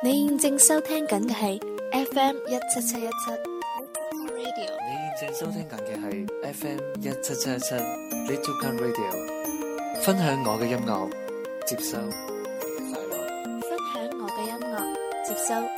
你現正收聽緊嘅係 FM 一七七一七，你現正收聽緊嘅係 FM 一七七一七，Little Cam Radio，分享我嘅音樂，接收快樂，分享我嘅音樂，接收。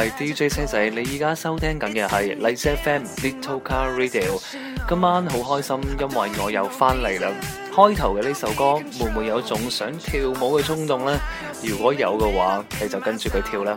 係 DJ 星仔，你而家收聽緊嘅係荔枝 FM Ditto Car Radio。今晚好開心，因為我又翻嚟啦。開頭嘅呢首歌會唔會有種想跳舞嘅衝動呢？如果有嘅話，你就跟住佢跳啦。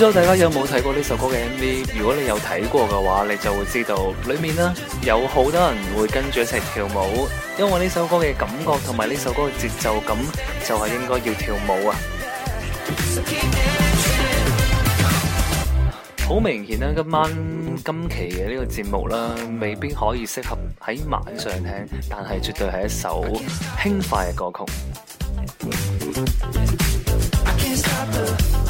唔知道大家有冇睇過呢首歌嘅 MV？如果你有睇過嘅話，你就會知道裏面呢有好多人會跟住一齊跳舞，因為呢首歌嘅感覺同埋呢首歌嘅節奏感，就係、是、應該要跳舞啊！好 明顯啦、啊，今晚今期嘅呢個節目啦，未必可以適合喺晚上聽，但係絕對係一首輕快嘅歌曲。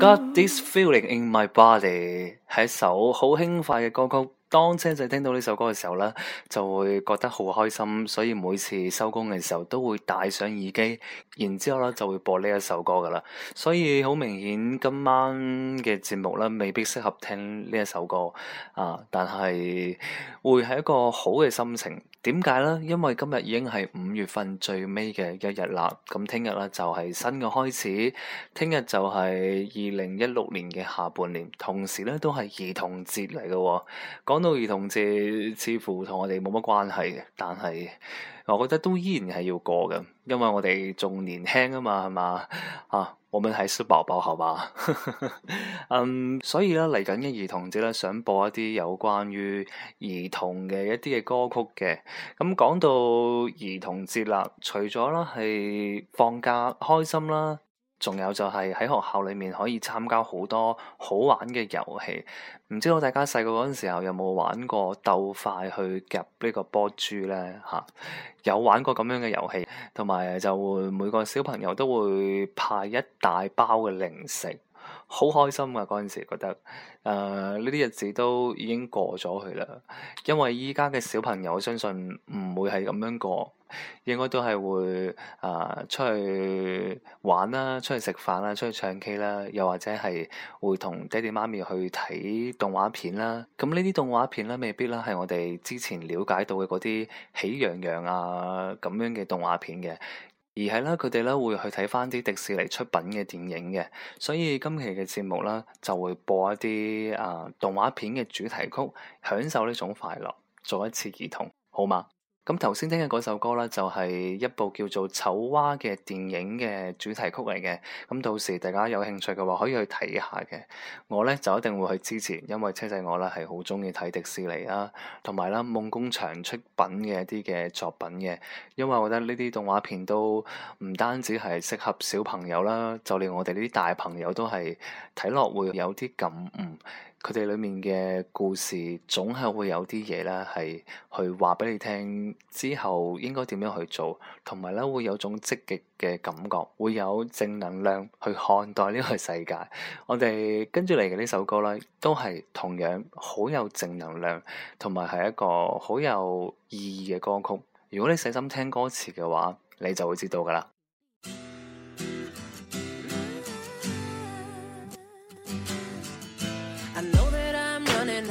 Got this feeling in my body 係一首好輕快嘅歌曲，當聽者聽到呢首歌嘅時候咧，就會覺得好開心，所以每次收工嘅時候都會戴上耳機，然之後咧就會播呢一首歌噶啦。所以好明顯，今晚嘅節目咧未必適合聽呢一首歌啊，但係會係一個好嘅心情。點解呢？因為今日已經係五月份最尾嘅一日啦，咁聽日咧就係、是、新嘅開始。聽日就係二零一六年嘅下半年，同時咧都係兒童節嚟嘅、哦。講到兒童節，似乎同我哋冇乜關係嘅，但係。我覺得都依然係要過嘅，因為我哋仲年輕啊嘛，係嘛，啊，我們係小寶寶，好吧，嗯、 um,，所以咧嚟緊嘅兒童節咧，想播一啲有關於兒童嘅一啲嘅歌曲嘅。咁講到兒童節啦，除咗啦係放假開心啦。仲有就係喺學校裏面可以參加好多好玩嘅遊戲。唔知道大家細個嗰陣時候有冇玩過鬥快去夾呢個波珠咧嚇？啊，有玩過咁樣嘅遊戲，同埋就會每個小朋友都會派一大包嘅零食。好開心噶，嗰陣時，覺得誒呢啲日子都已經過咗去啦。因為依家嘅小朋友我相信唔會係咁樣過，應該都係會誒、呃、出去玩啦、出去食飯啦、出去唱 K 啦，又或者係會同爹哋媽咪去睇動畫片啦。咁呢啲動畫片咧，未必啦係我哋之前了解到嘅嗰啲「喜羊羊」啊咁樣嘅動畫片嘅。而係咧，佢哋咧會去睇返啲迪士尼出品嘅電影嘅，所以今期嘅節目咧就會播一啲啊、呃、動畫片嘅主題曲，享受呢種快樂，做一次兒童，好嘛？咁頭先聽嘅嗰首歌咧，就係一部叫做《醜蛙》嘅電影嘅主題曲嚟嘅。咁到時大家有興趣嘅話，可以去睇一下嘅。我咧就一定會去支持，因為車仔我咧係好中意睇迪士尼啦，同埋啦夢工場出品嘅一啲嘅作品嘅。因為我覺得呢啲動畫片都唔單止係適合小朋友啦，就連我哋呢啲大朋友都係睇落會有啲感悟。佢哋裏面嘅故事總係會有啲嘢咧，係去話俾你聽之後應該點樣去做，同埋咧會有種積極嘅感覺，會有正能量去看待呢個世界。我哋跟住嚟嘅呢首歌咧，都係同樣好有正能量，同埋係一個好有意義嘅歌曲。如果你細心聽歌詞嘅話，你就會知道㗎喇。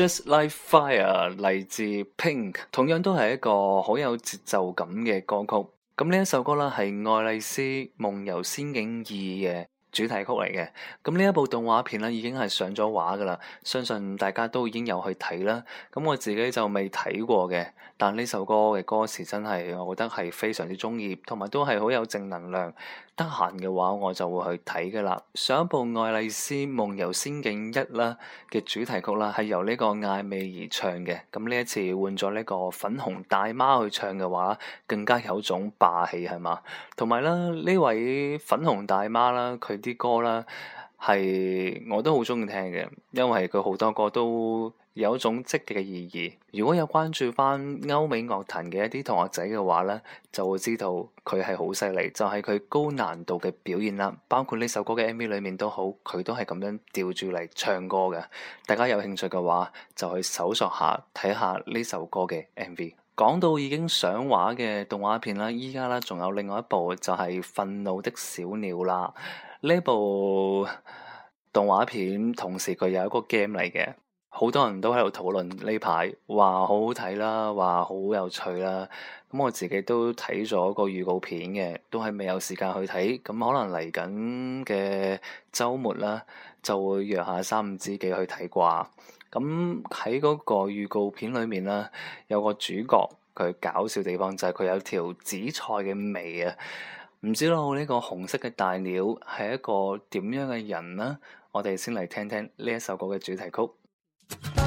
Just Like Fire 嚟自 Pink，同樣都係一個好有節奏感嘅歌曲。咁呢一首歌咧係愛麗絲夢遊仙境二嘅主題曲嚟嘅，咁呢一部動畫片咧、啊、已經係上咗畫噶啦，相信大家都已經有去睇啦。咁我自己就未睇過嘅，但呢首歌嘅歌詞真係我覺得係非常之中意，同埋都係好有正能量。得閒嘅話，我就會去睇噶啦。上一部《愛麗絲夢遊仙境一》啦嘅主題曲啦，係由呢個艾薇兒唱嘅。咁呢一次換咗呢個粉紅大媽去唱嘅話，更加有種霸氣係嘛，同埋咧呢位粉紅大媽啦，佢啲歌啦，係我都好中意聽嘅，因為佢好多歌都有一種積極嘅意義。如果有關注翻歐美樂壇嘅一啲同學仔嘅話呢，就會知道佢係好犀利，就係佢高難度嘅表現啦。包括呢首歌嘅 MV 裏面都好，佢都係咁樣吊住嚟唱歌嘅。大家有興趣嘅話，就去搜索下睇下呢首歌嘅 MV。講到已經上畫嘅動畫片啦，依家咧仲有另外一部就係《憤怒的小鳥》啦。呢部動畫片同時佢有一個 game 嚟嘅，好多人都喺度討論呢排，話好好睇啦，話好有趣啦。咁我自己都睇咗個預告片嘅，都係未有時間去睇。咁可能嚟緊嘅周末啦，就會約下三五知己去睇啩。咁喺嗰個預告片裏面啦，有個主角佢搞笑地方就係佢有條紫菜嘅眉啊！唔知道呢個紅色嘅大鳥係一個點樣嘅人呢？我哋先嚟聽聽呢一首歌嘅主題曲。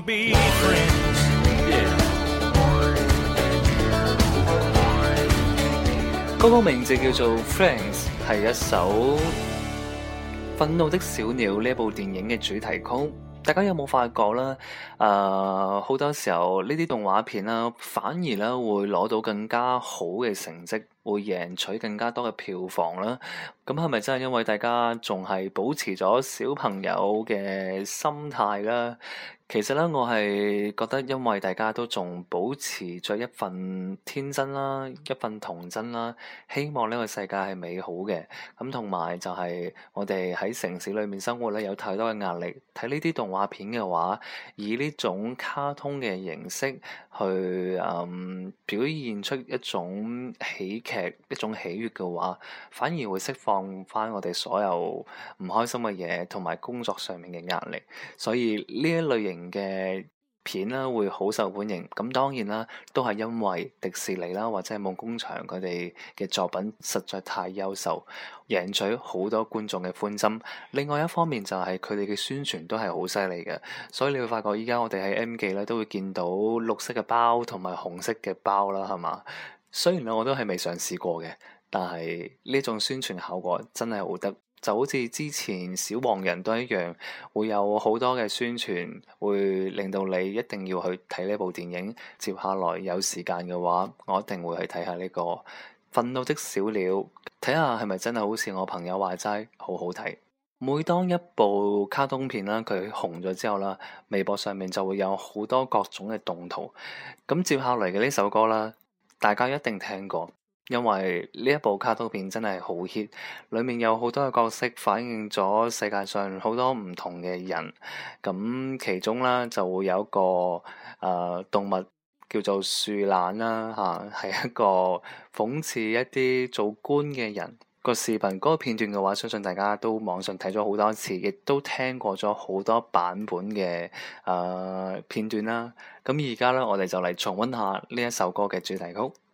歌，歌名字叫做《Friends》，係一首《憤怒的小鳥》呢部電影嘅主題曲。大家有冇發覺啦？誒、呃，好多時候呢啲動畫片啦，反而咧會攞到更加好嘅成績，會贏取更加多嘅票房啦。咁係咪真係因為大家仲係保持咗小朋友嘅心態啦？其實咧，我係覺得，因為大家都仲保持着一份天真啦，一份童真啦，希望呢個世界係美好嘅。咁同埋就係我哋喺城市裏面生活咧，有太多嘅壓力。睇呢啲動畫片嘅話，以呢種卡通嘅形式去嗯表現出一種喜劇，一種喜悅嘅話，反而會釋放翻我哋所有唔開心嘅嘢，同埋工作上面嘅壓力。所以呢一類型。嘅片啦，會好受歡迎。咁當然啦，都係因為迪士尼啦，或者係夢工場佢哋嘅作品實在太優秀，贏取好多觀眾嘅歡心。另外一方面就係佢哋嘅宣傳都係好犀利嘅，所以你會發覺依家我哋喺 M 記咧都會見到綠色嘅包同埋紅色嘅包啦，係嘛。雖然咧我都係未嘗試過嘅，但係呢種宣傳效果真係好得。就好似之前小黃人都一樣，會有好多嘅宣傳，會令到你一定要去睇呢部電影。接下來有時間嘅話，我一定會去睇下呢個《憤怒的小鳥》，睇下係咪真係好似我朋友話齋好好睇。每當一部卡通片啦，佢紅咗之後啦，微博上面就會有好多各種嘅動圖。咁接下來嘅呢首歌啦，大家一定聽過。因為呢一部卡通片真係好 hit，裏面有好多嘅角色反映咗世界上好多唔同嘅人。咁其中啦，就會有一個誒、呃、動物叫做樹懶啦吓，係、啊、一個諷刺一啲做官嘅人、嗰個視頻。嗰、嗰個片段嘅話，相信大家都網上睇咗好多次，亦都聽過咗好多版本嘅誒、呃、片段啦。咁而家咧，我哋就嚟重溫下呢一首歌嘅主題曲。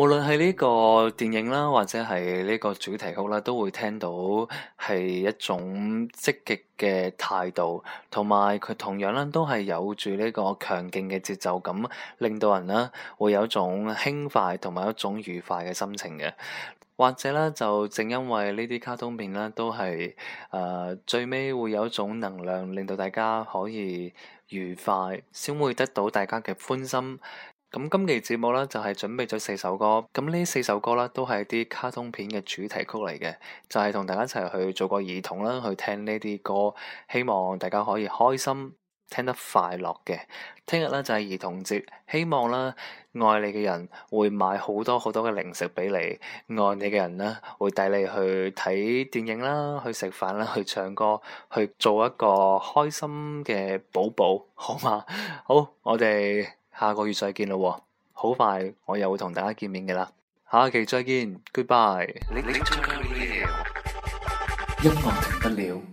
無論係呢個電影啦，或者係呢個主題曲啦，都會聽到係一種積極嘅態度，同埋佢同樣咧都係有住呢個強勁嘅節奏感，令到人咧會有一種輕快同埋一種愉快嘅心情嘅。或者咧就正因為呢啲卡通片咧都係誒、呃、最尾會有一種能量，令到大家可以愉快，先會得到大家嘅歡心。咁今期節目咧就係準備咗四首歌，咁呢四首歌咧都係啲卡通片嘅主題曲嚟嘅，就係同大家一齊去做個兒童啦，去聽呢啲歌，希望大家可以開心，聽得快樂嘅。聽日咧就係兒童節，希望啦，愛你嘅人會買好多好多嘅零食俾你，愛你嘅人咧會帶你去睇電影啦，去食飯啦，去唱歌，去做一個開心嘅寶寶，好嗎？好，我哋。下個月再見咯，好快我又會同大家見面嘅啦，下期再見，Goodbye。音樂停不了。